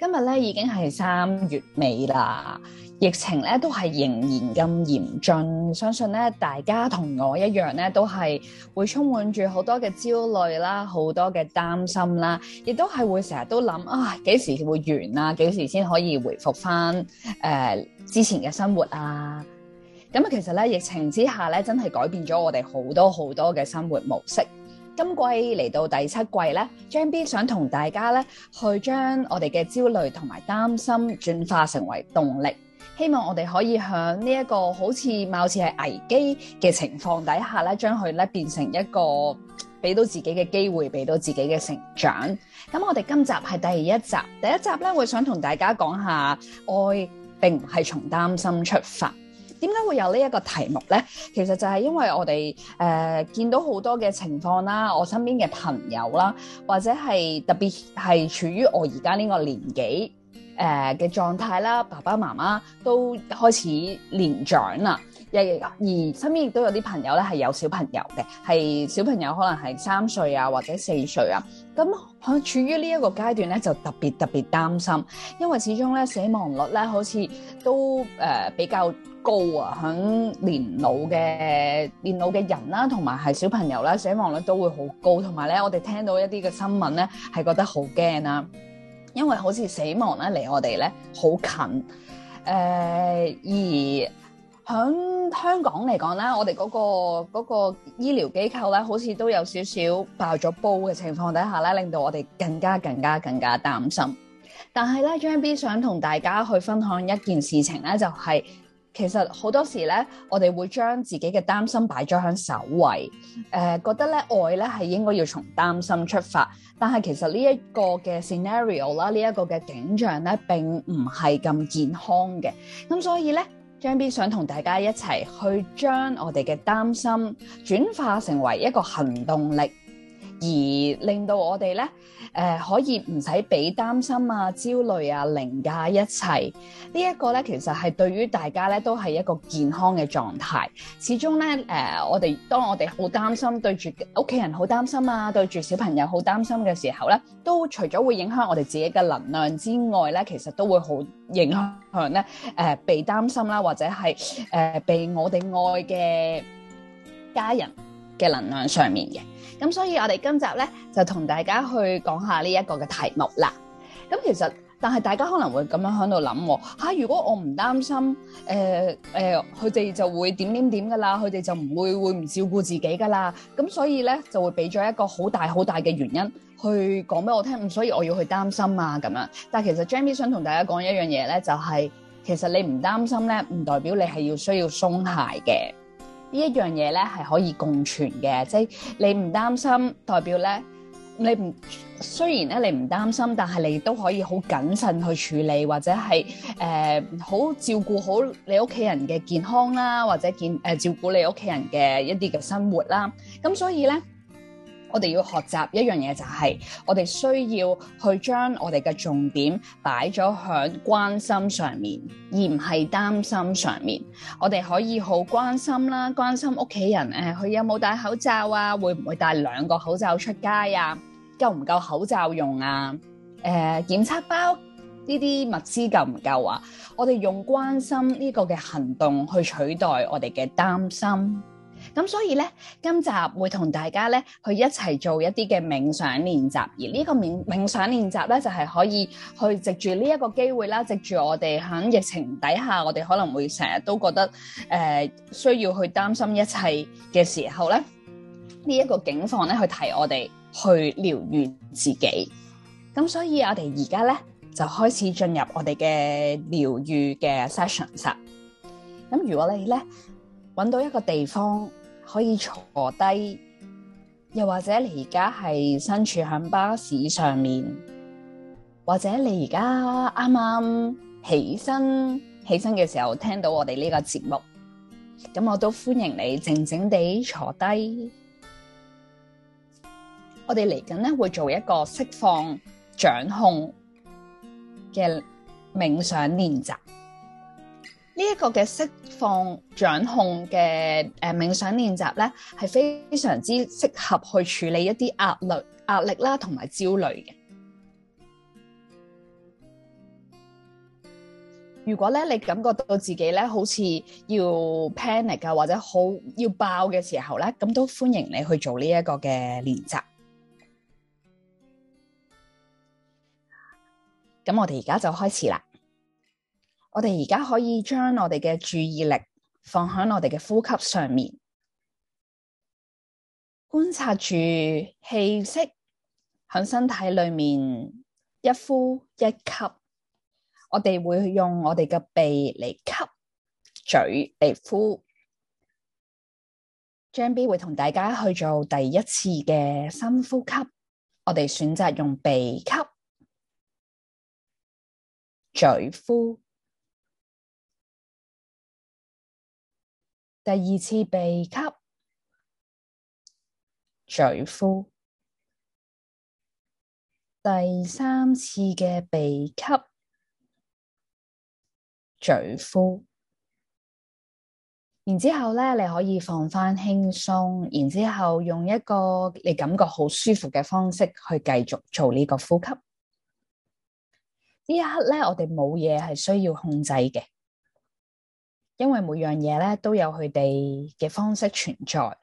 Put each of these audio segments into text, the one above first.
今日咧已經係三月尾啦，疫情咧都係仍然咁嚴峻，相信咧大家同我一樣咧，都係會充滿住好多嘅焦慮啦，好多嘅擔心啦，亦都係會成日都諗啊，幾時會完啊？幾時先可以回復返誒之前嘅生活啊？咁、嗯、啊，其實咧疫情之下咧，真係改變咗我哋好多好多嘅生活模式。今季嚟到第七季咧，Jam B 想同大家咧去將我哋嘅焦慮同埋擔心轉化成為動力，希望我哋可以響呢一個好似貌似係危機嘅情況底下咧，將佢咧變成一個俾到自己嘅機會，俾到自己嘅成長。咁我哋今集係第一集，第一集咧會想同大家講下愛並唔係從擔心出發。點解會有呢一個題目呢？其實就係因為我哋誒、呃、見到好多嘅情況啦，我身邊嘅朋友啦，或者係特別係處於我而家呢個年紀誒嘅狀態啦，爸爸媽媽都開始年長啦。而而身邊亦都有啲朋友咧係有小朋友嘅，係小朋友可能係三歲啊，或者四歲啊。咁我處於呢一個階段咧，就特別特別擔心，因為始終咧死亡率咧好似都誒、呃、比較高啊！響年老嘅年老嘅人啦，同埋係小朋友啦，死亡率都會好高。同埋咧，我哋聽到一啲嘅新聞咧，係覺得好驚啦，因為好似死亡咧離我哋咧好近。誒、呃。而響香港嚟講咧，我哋嗰個嗰個醫療機構咧，好似都有少少爆咗煲嘅情況底下咧，令到我哋更加更加更加擔心。但係咧，張 B 想同大家去分享一件事情咧，就係、是。其實好多時咧，我哋會將自己嘅擔心擺咗喺首位，誒、呃、覺得咧愛咧係應該要從擔心出發，但係其實呢一個嘅 scenario 啦，呢一個嘅景象咧並唔係咁健康嘅，咁所以咧，張 B 想同大家一齊去將我哋嘅擔心轉化成為一個行動力。而令到我哋咧，誒、呃、可以唔使畀擔心啊、焦慮啊、凌駕一切。這個、呢一個咧，其實係對於大家咧都係一個健康嘅狀態。始終咧，誒、呃、我哋當我哋好擔心對住屋企人好擔心啊，對住小朋友好擔心嘅時候咧，都除咗會影響我哋自己嘅能量之外咧，其實都會好影響咧誒被擔心啦、啊，或者係誒、呃、被我哋愛嘅家人。嘅能量上面嘅，咁所以我哋今集咧就同大家去講下呢一個嘅題目啦。咁其實但係大家可能會咁樣喺度諗，吓、啊、如果我唔擔心，誒、呃、誒，佢、呃、哋就會點點點噶啦，佢哋就唔會會唔照顧自己噶啦。咁所以咧就會俾咗一個好大好大嘅原因去講俾我聽，所以我要去擔心啊咁樣。但係其實 Jammy 想同大家講一樣嘢咧，就係、是、其實你唔擔心咧，唔代表你係要需要鬆懈嘅。呢一樣嘢咧係可以共存嘅，即係你唔擔心代表咧，你唔雖然咧你唔擔心，但係你都可以好謹慎去處理，或者係誒好照顧好你屋企人嘅健康啦，或者健誒、呃、照顧你屋企人嘅一啲嘅生活啦。咁所以咧。我哋要學習一樣嘢，就係我哋需要去將我哋嘅重點擺咗喺關心上面，而唔係擔心上面。我哋可以好關心啦，關心屋企人，誒，佢有冇戴口罩啊？會唔會戴兩個口罩出街啊？夠唔夠口罩用啊？誒，檢測包呢啲物資夠唔夠啊？我哋用關心呢個嘅行動去取代我哋嘅擔心。咁所以咧，今集會同大家咧去一齊做一啲嘅冥想練習，而呢個冥冥想練習咧就係可以去藉住呢一個機會啦，藉住我哋喺疫情底下，我哋可能會成日都覺得誒，需要去擔心一切嘅時候咧，呢一個境況咧去提我哋去療愈自己。咁所以我哋而家咧就開始進入我哋嘅療愈嘅 sessions。咁如果你咧揾到一個地方，可以坐低，又或者你而家係身處喺巴士上面，或者你而家啱啱起身起身嘅時候聽到我哋呢個節目，咁我都歡迎你靜靜地坐低。我哋嚟緊咧會做一個釋放掌控嘅冥想練習。呢一個嘅釋放掌控嘅誒冥想練習咧，係非常之適合去處理一啲壓力、壓力啦同埋焦慮嘅。如果咧你感覺到自己咧好似要 panic 啊，或者好要爆嘅時候咧，咁都歡迎你去做呢一個嘅練習。咁我哋而家就開始啦。我哋而家可以將我哋嘅注意力放喺我哋嘅呼吸上面，觀察住氣息響身體裏面一呼一吸。我哋會用我哋嘅鼻嚟吸，嘴嚟呼。Jammy 會同大家去做第一次嘅深呼吸，我哋選擇用鼻吸，嘴呼。第二次鼻吸嘴呼，第三次嘅鼻吸嘴呼，然之後咧你可以放翻輕鬆，然之後用一個你感覺好舒服嘅方式去繼續做呢個呼吸。呢一刻咧，我哋冇嘢係需要控制嘅。因為每樣嘢咧都有佢哋嘅方式存在。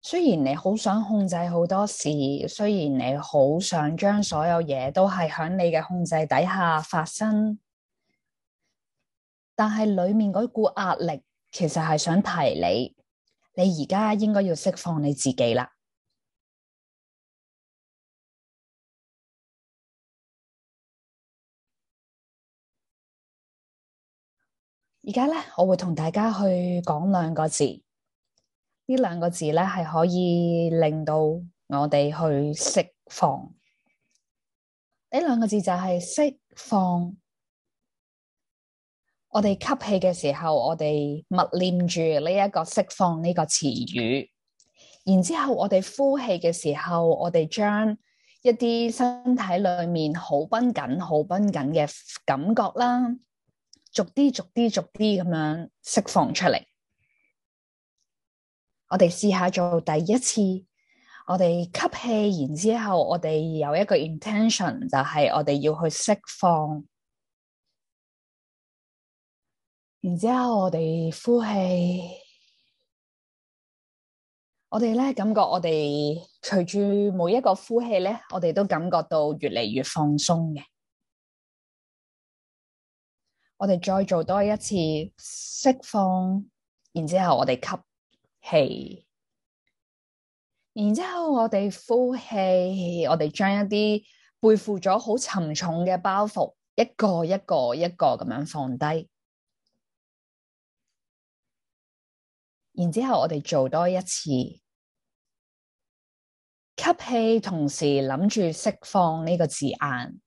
雖然你好想控制好多事，雖然你好想將所有嘢都係響你嘅控制底下發生，但係裏面嗰股壓力其實係想提你，你而家應該要釋放你自己啦。而家咧，我會同大家去講兩個字，呢兩個字咧係可以令到我哋去釋放。呢兩個字就係釋放。我哋吸氣嘅時候，我哋默念住呢一個釋放呢個詞語。然之後我哋呼氣嘅時候，我哋將一啲身體裏面好繃緊、好繃緊嘅感覺啦。逐啲、逐啲、逐啲咁樣釋放出嚟。我哋試下做第一次，我哋吸氣，然之後我哋有一個 intention，就係我哋要去釋放。然之後我哋呼氣，我哋咧感覺我哋隨住每一個呼氣咧，我哋都感覺到越嚟越放鬆嘅。我哋再做多一次釋放，然之後我哋吸氣，然之後我哋呼氣，我哋將一啲背負咗好沉重嘅包袱，一個一個一個咁樣放低。然之後我哋做多一次吸氣，同時諗住釋放呢個字眼。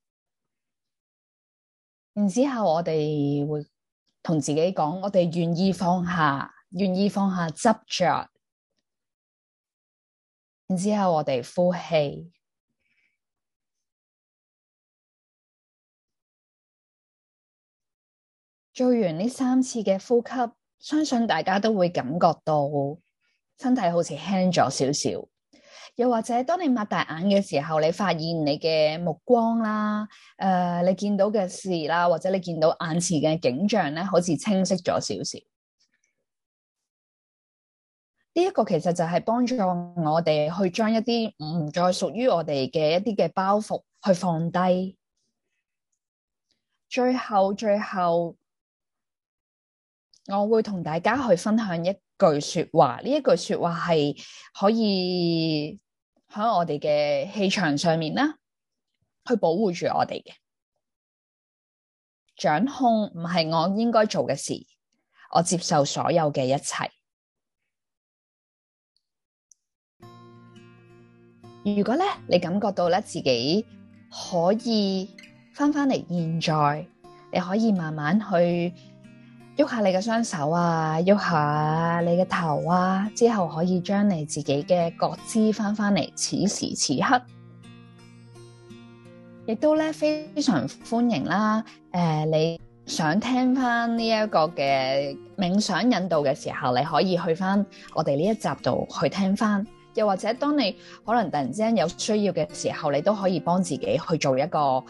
然之後，我哋會同自己講：「我哋願意放下，願意放下執着。」然之後，我哋呼氣。做完呢三次嘅呼吸，相信大家都會感覺到身體好似輕咗少少。又或者，當你擘大眼嘅時候，你發現你嘅目光啦，誒、呃，你見到嘅事啦，或者你見到眼前嘅景象咧，好似清晰咗少少。呢、這、一個其實就係幫助我哋去將一啲唔再屬於我哋嘅一啲嘅包袱去放低。最後，最後，我會同大家去分享一句說話。呢一句說話係可以喺我哋嘅氣場上面啦，去保護住我哋嘅掌控，唔係我應該做嘅事，我接受所有嘅一切。如果咧，你感覺到咧自己可以翻返嚟，現在你可以慢慢去。喐下你嘅雙手啊，喐下你嘅頭啊，之後可以將你自己嘅覺知翻翻嚟。此時此刻，亦都咧非常歡迎啦。誒、呃，你想聽翻呢一個嘅冥想引導嘅時候，你可以去翻我哋呢一集度去聽翻。又或者，當你可能突然之間有需要嘅時候，你都可以幫自己去做一個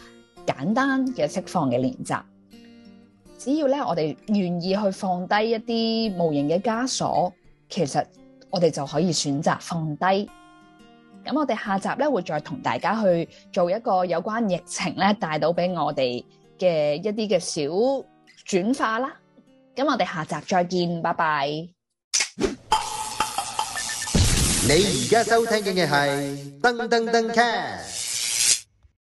簡單嘅釋放嘅練習。只要咧，我哋願意去放低一啲無形嘅枷鎖，其實我哋就可以選擇放低。咁我哋下集咧會再同大家去做一個有關疫情咧帶到俾我哋嘅一啲嘅小轉化啦。咁我哋下集再見，拜拜。你而家收聽嘅係噔噔噔 c